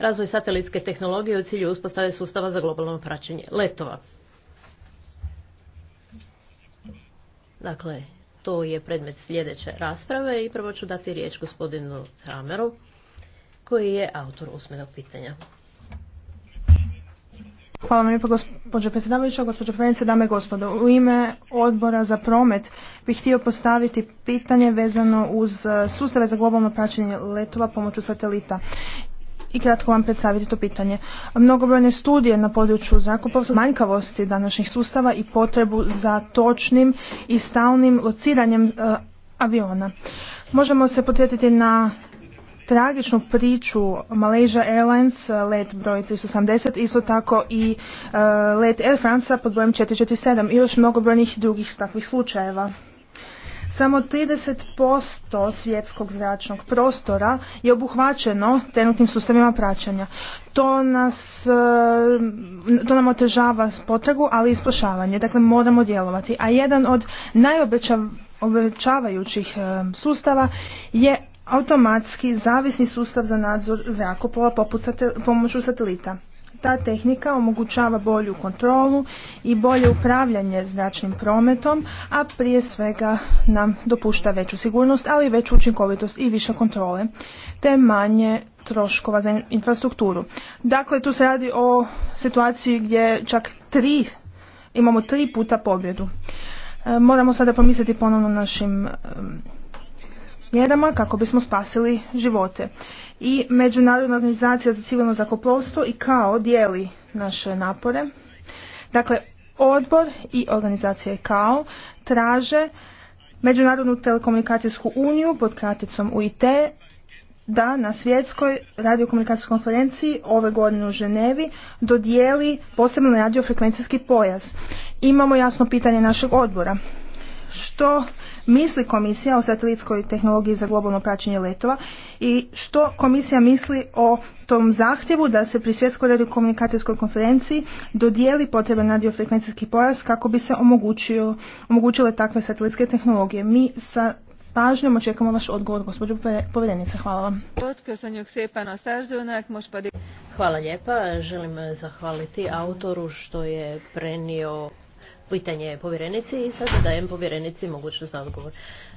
razvoj satelitske tehnologije u cilju uspostave sustava za globalno praćenje letova. Dakle, to je predmet sljedeće rasprave i prvo ću dati riječ gospodinu Hameru, koji je autor usmenog pitanja. Hvala vam lijepo gospođo predsjedavajuća, gospođo dame i gospodo. U ime odbora za promet bih htio postaviti pitanje vezano uz sustave za globalno praćenje letova pomoću satelita i kratko vam predstaviti to pitanje. Mnogobrojne studije na području zrakoplovstva manjkavosti današnjih sustava i potrebu za točnim i stalnim lociranjem e, aviona. Možemo se potretiti na tragičnu priču Malaysia Airlines, e, let broj 380, isto tako i e, let Air France pod brojem 447 i još mnogobrojnih drugih takvih slučajeva. Samo 30% svjetskog zračnog prostora je obuhvaćeno trenutnim sustavima praćanja. To, nas, eh, to nam otežava potragu, ali i spašavanje. Dakle, moramo djelovati. A jedan od najobećavajućih eh, sustava je automatski zavisni sustav za nadzor zrakoplova poput pomoću satelita ta tehnika omogućava bolju kontrolu i bolje upravljanje zračnim prometom, a prije svega nam dopušta veću sigurnost, ali i veću učinkovitost i više kontrole, te manje troškova za infrastrukturu. Dakle, tu se radi o situaciji gdje čak tri, imamo tri puta pobjedu. E, moramo sada pomisliti ponovno našim e, mjerama kako bismo spasili živote i Međunarodna organizacija za civilno zakoplovstvo i kao dijeli naše napore. Dakle, odbor i organizacija kao traže Međunarodnu telekomunikacijsku uniju pod kraticom UIT da na svjetskoj radiokomunikacijskoj konferenciji ove godine u Ženevi dodijeli posebno radiofrekvencijski pojas. Imamo jasno pitanje našeg odbora što misli komisija o satelitskoj tehnologiji za globalno praćenje letova i što komisija misli o tom zahtjevu da se pri svjetskoj radiokomunikacijskoj konferenciji dodijeli potreban radiofrekvencijski pojas kako bi se omogućile takve satelitske tehnologije. Mi sa pažnjom očekamo vaš odgovor, gospođo povjerenice. Hvala vam. Hvala lijepa. Želim zahvaliti autoru što je prenio pitanje povjerenici i sada dajem povjerenici mogućnost za odgovor.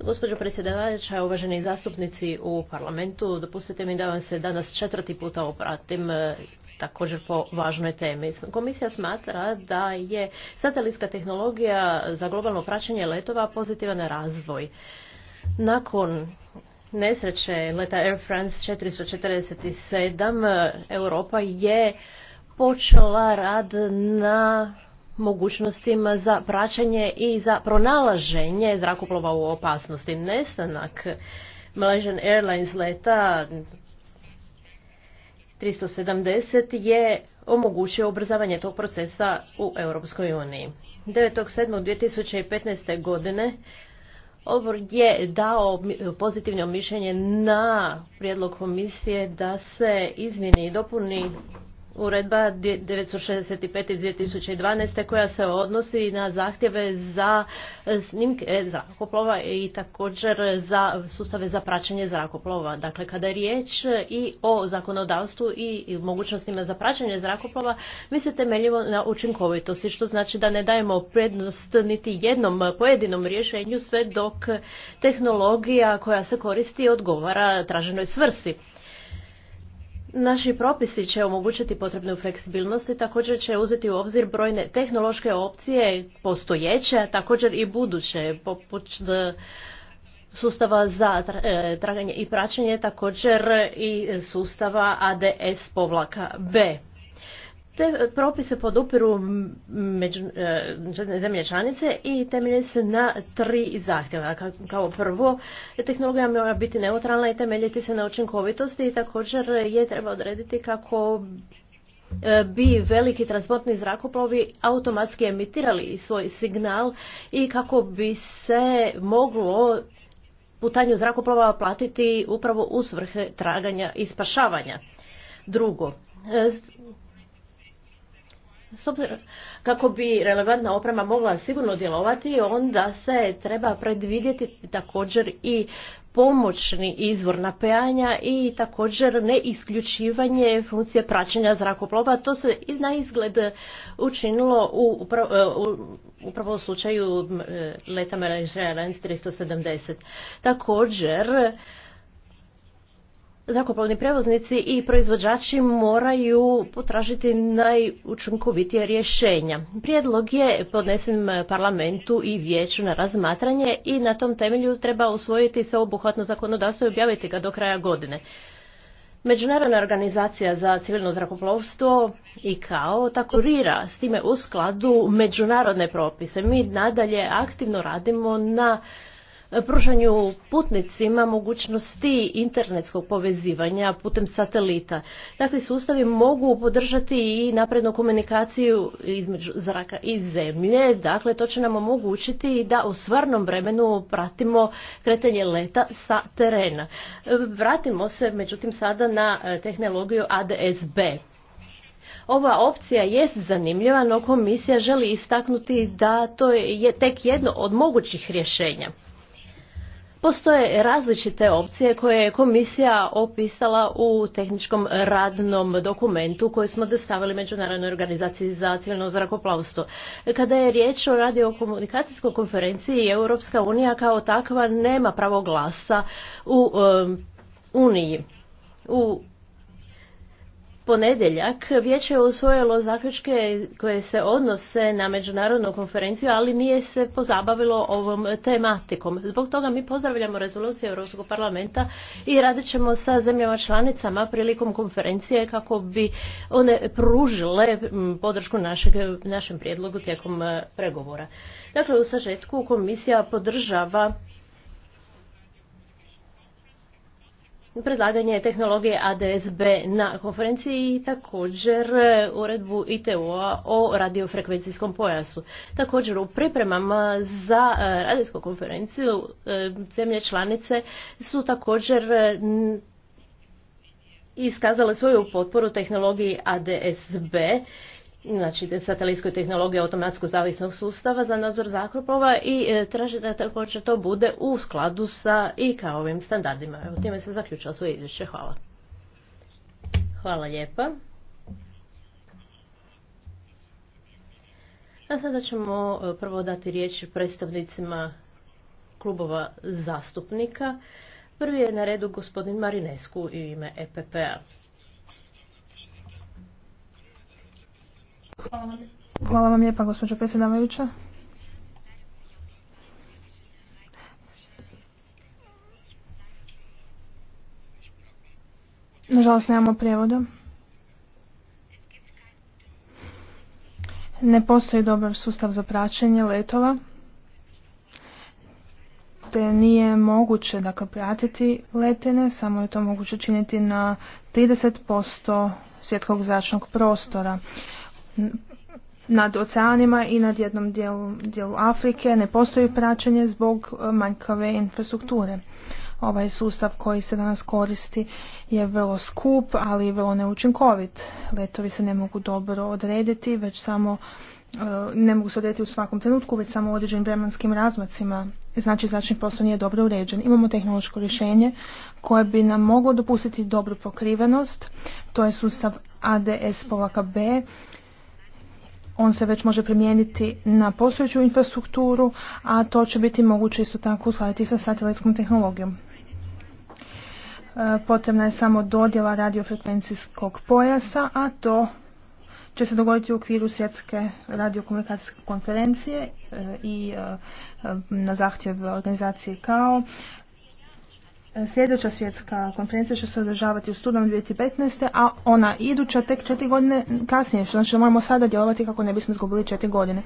Gospođo predsjedavajuća, uvaženi zastupnici u parlamentu, dopustite mi da vam se danas četvrti puta obratim e, također po važnoj temi. Komisija smatra da je satelitska tehnologija za globalno praćenje letova pozitivan razvoj. Nakon nesreće leta Air France 447 Europa je počela rad na mogućnostima za praćenje i za pronalaženje zrakoplova u opasnosti. Nestanak Malaysian Airlines leta 370 je omogućio ubrzavanje tog procesa u Europskoj uniji. 9.7.2015. godine Odbor je dao pozitivno mišljenje na prijedlog komisije da se izmjeni i dopuni uredba 965 iz 2012. koja se odnosi na zahtjeve za e, snimke zrakoplova i također za sustave za praćenje zrakoplova. Dakle, kada je riječ i o zakonodavstvu i mogućnostima za praćenje zrakoplova, mi se temeljimo na učinkovitosti, što znači da ne dajemo prednost niti jednom pojedinom rješenju sve dok tehnologija koja se koristi odgovara traženoj svrsi. Naši propisi će omogućiti potrebnu fleksibilnost i također će uzeti u obzir brojne tehnološke opcije postojeće, također i buduće, poput e, sustava za e, traganje i praćenje, također i sustava ADS povlaka B. Te propise podupiru među, e, zemlje članice i temelje se na tri zahtjeva. Kao prvo, tehnologija mora biti neutralna i temeljiti se na učinkovitosti i također je treba odrediti kako e, bi veliki transportni zrakoplovi automatski emitirali svoj signal i kako bi se moglo putanju zrakoplova platiti upravo u svrhe traganja i spašavanja. Drugo, e, s obzirom, kako bi relevantna oprema mogla sigurno djelovati, onda se treba predvidjeti također i pomoćni izvor napajanja i također ne funkcije praćenja zrakoplova. To se na izgled učinilo u e, upravo, u, slučaju e, leta Malaysia Airlines 370. Također, zrakoplovni prevoznici i proizvođači moraju potražiti najučinkovitije rješenja. Prijedlog je podnesen parlamentu i vijeću na razmatranje i na tom temelju treba usvojiti obuhvatno zakonodavstvo i objaviti ga do kraja godine. Međunarodna organizacija za civilno zrakoplovstvo i kao rira s time u skladu međunarodne propise. Mi nadalje aktivno radimo na E, pružanju putnicima mogućnosti internetskog povezivanja putem satelita. Takvi sustavi mogu podržati i naprednu komunikaciju između zraka i zemlje, dakle to će nam omogućiti da u stvarnom vremenu pratimo kretanje leta sa terena. E, vratimo se međutim sada na e, tehnologiju ADSB. Ova opcija jest zanimljiva, no komisija želi istaknuti da to je tek jedno od mogućih rješenja. Postoje različite opcije koje je komisija opisala u tehničkom radnom dokumentu koji smo dostavili Međunarodnoj organizaciji za civilno zrakoplavstvo. Kada je riječ o radiokomunikacijskoj konferenciji, Europska unija kao takva nema pravo glasa u Uniji. U ponedjeljak vijeće je usvojilo zaključke koje se odnose na međunarodnu konferenciju, ali nije se pozabavilo ovom tematikom. Zbog toga mi pozdravljamo rezoluciju Europskog parlamenta i radit ćemo sa zemljama članicama prilikom konferencije kako bi one pružile podršku našeg, našem prijedlogu tijekom e, pregovora. Dakle, u sažetku komisija podržava predlaganje tehnologije ADSB na konferenciji i također e, uredbu ITU-a o radiofrekvencijskom pojasu. Također u pripremama za e, radijsku konferenciju e, zemlje članice su također iskazale svoju potporu tehnologiji ADSB znači satelitskoj tehnologiji automatskog zavisnog sustava za nadzor zakupova i e, traži da također to bude u skladu sa i kao ovim standardima. Evo time se zaključilo svoje izvješće. Hvala. Hvala lijepa. A sada ćemo e, prvo dati riječ predstavnicima klubova zastupnika. Prvi je na redu gospodin Marinesku i ime EPP-a. Hvala vam, lijepa, gospođo predsjedavajuća. Nažalost, nemamo prijevoda. Ne postoji dobar sustav za praćenje letova, te nije moguće dakle, pratiti letene, samo je to moguće činiti na 30% svjetskog zračnog prostora nad oceanima i nad jednom dijelu, dijelu Afrike ne postoji praćenje zbog e, manjkave infrastrukture. Ovaj sustav koji se danas koristi je vrlo skup, ali i vrlo neučinkovit. Letovi se ne mogu dobro odrediti, već samo e, ne mogu se odrediti u svakom trenutku, već samo u određenim vremenskim razmacima. Znači, znači posao nije dobro uređen. Imamo tehnološko rješenje koje bi nam moglo dopustiti dobru pokrivenost. To je sustav ADS B on se već može primijeniti na postojeću infrastrukturu, a to će biti moguće isto tako uskladiti sa satelitskom tehnologijom. E, potrebna je samo dodjela radiofrekvencijskog pojasa, a to će se dogoditi u okviru svjetske radiokomunikacijske konferencije e, i e, na zahtjev organizacije KAO Sljedeća svjetska konferencija će se održavati u studenom 2015. a ona iduća tek četiri godine kasnije, što znači da moramo sada djelovati kako ne bismo izgubili četiri godine.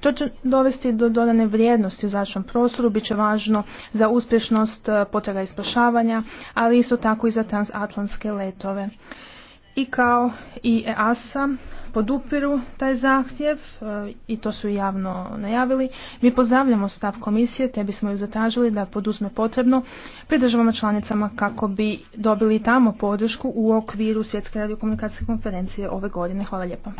To će dovesti do dodane vrijednosti u zračnom prostoru, bit će važno za uspješnost e, potraga i spašavanja, ali isto tako i za transatlantske letove. I kao i EASA, podupiru taj zahtjev e, i to su javno najavili. Mi pozdravljamo stav komisije te bismo ju zatražili da poduzme potrebno pri državama članicama kako bi dobili tamo podršku u okviru Svjetske radiokomunikacijske konferencije ove godine. Hvala lijepa.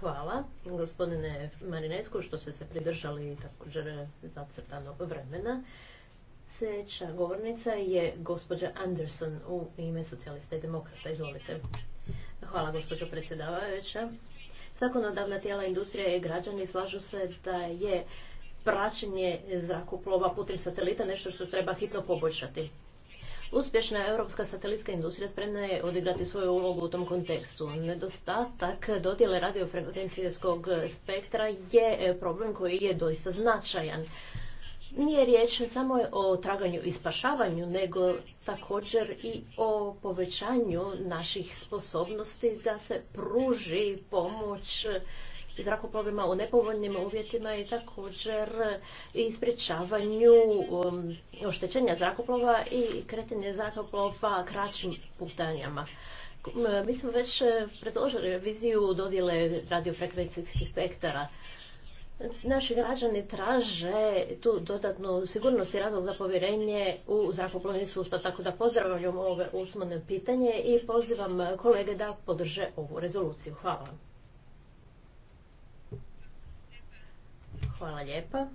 Hvala gospodine Marinesku što ste se pridržali također zacrtanog vremena. Sljedeća govornica je gospođa Anderson u ime socijalista i demokrata. Izvolite. Hvala gospođo predsjedavajuća. Zakonodavna tijela industrija i građani slažu se da je praćenje zrakoplova putem satelita nešto što treba hitno poboljšati. Uspješna europska satelitska industrija spremna je odigrati svoju ulogu u tom kontekstu. Nedostatak dodjele radiofrekvencijskog spektra je problem koji je doista značajan nije riječ samo o traganju i spašavanju, nego također i o povećanju naših sposobnosti da se pruži pomoć zrakoplovima u nepovoljnim uvjetima i također i sprječavanju um, oštećenja zrakoplova i kretanje zrakoplova kraćim putanjama. Um, mi smo već predložili reviziju dodjele radiofrekvencijskih spektara. Naši građani traže tu dodatnu sigurnost i razlog za povjerenje u zrakoplovni sustav, tako da pozdravljam ovo usmeno pitanje i pozivam kolege da podrže ovu rezoluciju. Hvala. Hvala lijepa.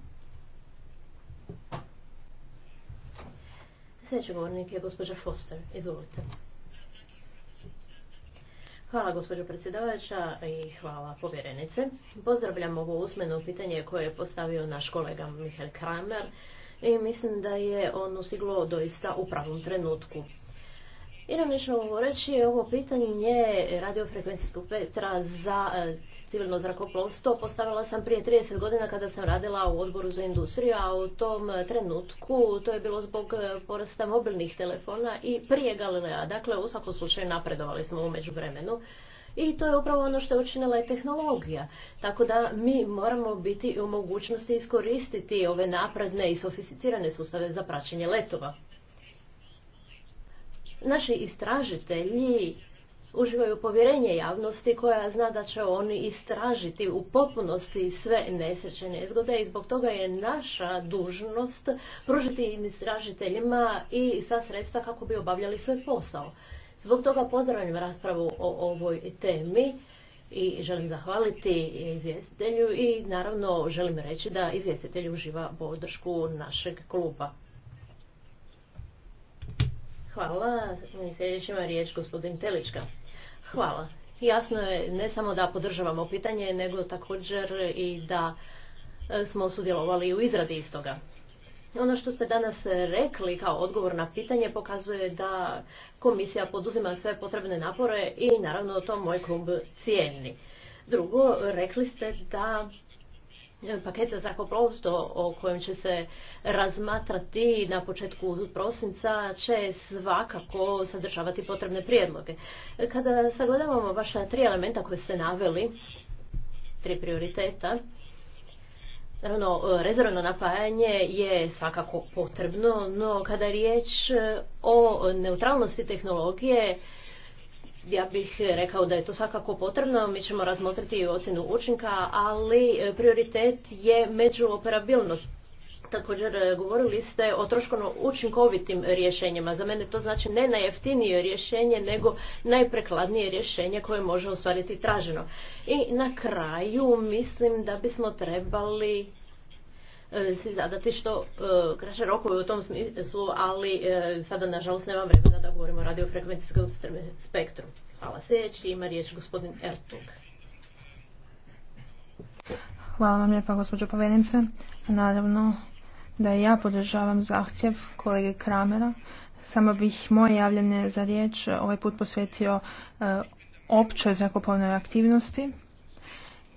Sljedeći govornik je gospođa Foster. Izvolite. Hvala gospođo predsjedavajuća i hvala povjerenice. Pozdravljam ovo usmeno pitanje koje je postavio naš kolega Mihael Kramer i mislim da je ono stiglo doista u pravom trenutku. Ironično ovo reći, ovo pitanje radiofrekvencijskog petra za civilno zrakoplovstvo postavila sam prije 30 godina kada sam radila u odboru za industriju, a u tom e, trenutku to je bilo zbog e, porasta mobilnih telefona i prije Galilea. Dakle, u svakom slučaju napredovali smo u međuvremenu. I to je upravo ono što je učinila i tehnologija. Tako da mi moramo biti u mogućnosti iskoristiti ove napredne i sofisticirane sustave za praćenje letova. Naši istražitelji uživaju povjerenje javnosti koja zna da će oni istražiti u potpunosti sve nesreće nezgode i zbog toga je naša dužnost pružiti im istražiteljima i sva sredstva kako bi obavljali svoj posao. Zbog toga pozdravljam raspravu o ovoj temi i želim zahvaliti izvjestitelju i naravno želim reći da izvjestitelj uživa podršku našeg kluba. Hvala. je riječ gospodin Telička. Hvala. Jasno je ne samo da podržavamo pitanje, nego također i da e, smo sudjelovali u izradi istoga. Ono što ste danas rekli kao odgovor na pitanje pokazuje da komisija poduzima sve potrebne napore i naravno to moj klub cijeni. Drugo, rekli ste da E, paket za zrakoplovstvo o kojem će se razmatrati na početku prosinca će svakako sadržavati potrebne prijedloge. Kada sagledavamo vaša tri elementa koje ste naveli, tri prioriteta, Naravno, rezervno napajanje je svakako potrebno, no kada je riječ o neutralnosti tehnologije, ja bih rekao da je to svakako potrebno, mi ćemo razmotriti i ocjenu učinka, ali e, prioritet je međuoperabilnost. Također e, govorili ste o troškovno učinkovitim rješenjima. Za mene to znači ne najjeftinije rješenje, nego najprekladnije rješenje koje može ostvariti traženo. I na kraju mislim da bismo trebali E, si zadati što e, kraće rokove u tom smislu, ali e, sada nažalost nema vremena da govorimo o radiofrekvencijskom spektru. Hvala. Sljedeći ima riječ gospodin Ertug. Hvala vam lijepa gospođo povjerenice. Naravno da ja podržavam zahtjev kolege Kramera. Samo bih moje javljanje za riječ ovaj put posvetio općoj zakupovnoj aktivnosti.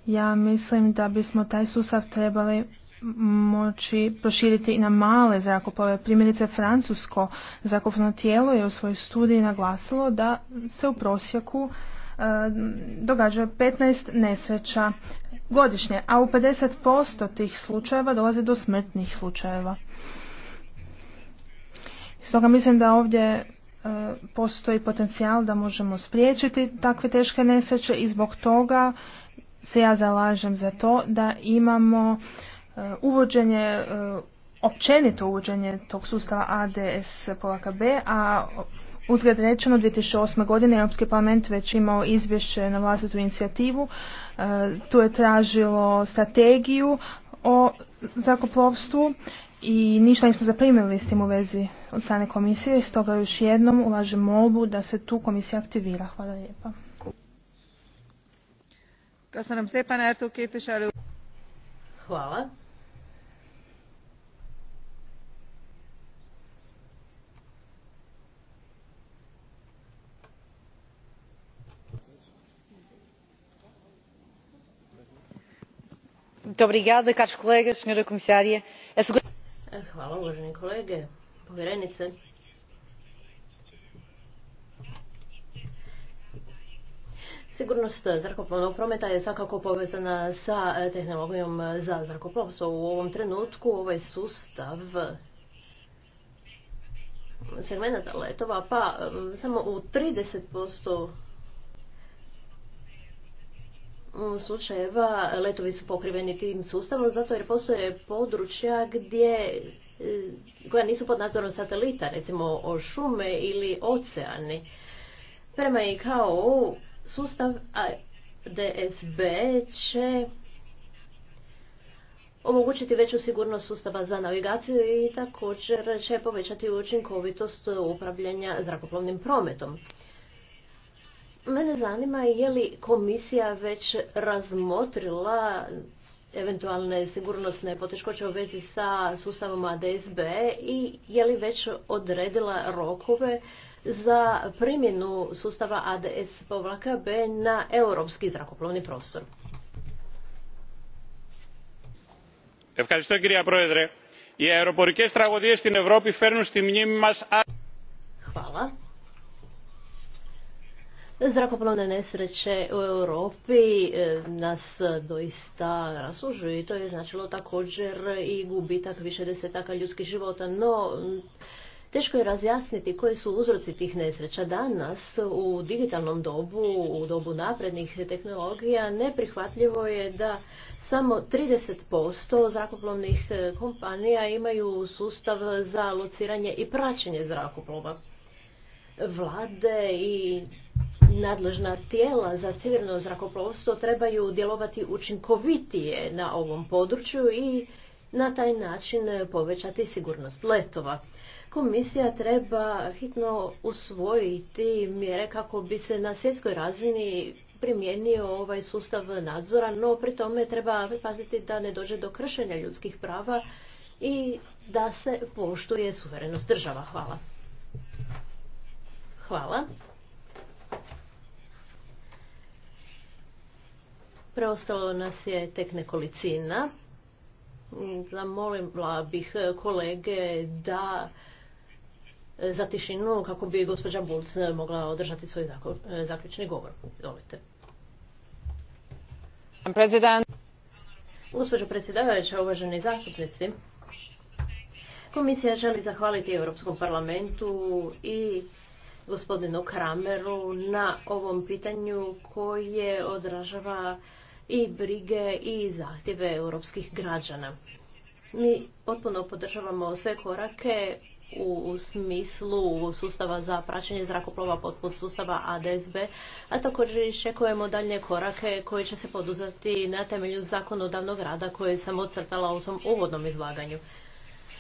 Ja mislim da bismo taj sustav trebali moći proširiti i na male zrakoplove. Primjerice francusko zrakoplovno tijelo je u svojoj studiji naglasilo da se u prosjeku e, događa 15 nesreća godišnje, a u 50% tih slučajeva dolazi do smrtnih slučajeva. Stoga mislim da ovdje e, postoji potencijal da možemo spriječiti takve teške nesreće i zbog toga se ja zalažem za to da imamo uvođenje, e, općenito uvođenje tog sustava ADS polaka B, a Uzgled rečeno, 2008. godine Europski parlament već imao izvješće na vlastitu inicijativu. E, tu je tražilo strategiju o zakoplovstvu i ništa nismo zaprimili s tim u vezi od strane komisije. Stoga još jednom ulažem molbu da se tu komisija aktivira. Hvala lijepa. Hvala. Hvala uvaženi kolege, povjerenice. Sigurnost zrakoplovnog prometa je svakako povezana sa e, tehnologijom za zrakoplovstvo. U ovom trenutku ovaj sustav segmenata letova pa e, samo u 30% slučajeva letovi su pokriveni tim sustavom zato jer postoje područja gdje e, koja nisu pod nadzorom satelita, recimo o šume ili oceani. Prema i kao sustav DSB će omogućiti veću sigurnost sustava za navigaciju i također će povećati učinkovitost upravljanja zrakoplovnim prometom. Mene zanima je li komisija već razmotrila eventualne sigurnosne poteškoće u vezi sa sustavom ADSB i je li već odredila rokove za primjenu sustava ADS povlaka B na europski zrakoplovni prostor. Hvala. Zrakoplovne nesreće u Europi e, nas doista rasužuju i to je značilo također i gubitak više desetaka ljudskih života, no teško je razjasniti koji su uzroci tih nesreća. Danas u digitalnom dobu, u dobu naprednih tehnologija, neprihvatljivo je da samo 30% zrakoplovnih e, kompanija imaju sustav za lociranje i praćenje zrakoplova vlade i nadležna tijela za civilno zrakoplovstvo trebaju djelovati učinkovitije na ovom području i na taj način povećati sigurnost letova. Komisija treba hitno usvojiti mjere kako bi se na svjetskoj razini primijenio ovaj sustav nadzora, no pri tome treba paziti da ne dođe do kršenja ljudskih prava i da se poštuje suverenost država. Hvala. Hvala. Preostalo nas je tek nekolicina. Zamolila bih kolege da za tišinu kako bi gospođa Bulc mogla održati svoj zaključni govor. Izvolite. Gospođo predsjedavajuća, uvaženi zastupnici, komisija želi zahvaliti Europskom parlamentu i gospodinu Krameru na ovom pitanju koje odražava i brige i zahtjeve europskih građana. Mi potpuno podržavamo sve korake u smislu sustava za praćenje zrakoplova potput sustava ADSB, a također iščekujemo dalje korake koje će se poduzeti na temelju zakonodavnog rada koje sam ocrtala u svom uvodnom izlaganju.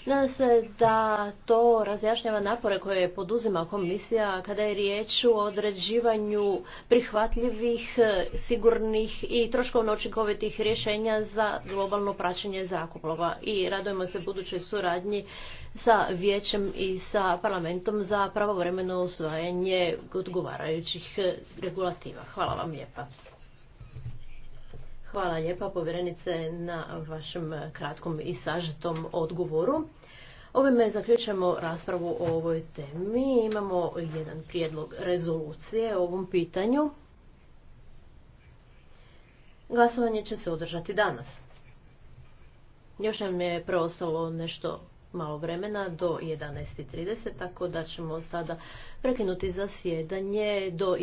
Nadam se da to razjašnjava napore koje je poduzima komisija kada je riječ o određivanju prihvatljivih, sigurnih i troškovno očinkovitih rješenja za globalno praćenje zrakoplova. I radujemo se budućoj suradnji sa vijećem i sa parlamentom za pravovremeno usvajanje odgovarajućih regulativa. Hvala vam lijepa. Hvala lijepa povjerenice na vašem kratkom i sažetom odgovoru. Ovime zaključujemo raspravu o ovoj temi. Imamo jedan prijedlog rezolucije o ovom pitanju. Glasovanje će se održati danas. Još nam je preostalo nešto malo vremena do 11.30, tako da ćemo sada prekinuti zasjedanje do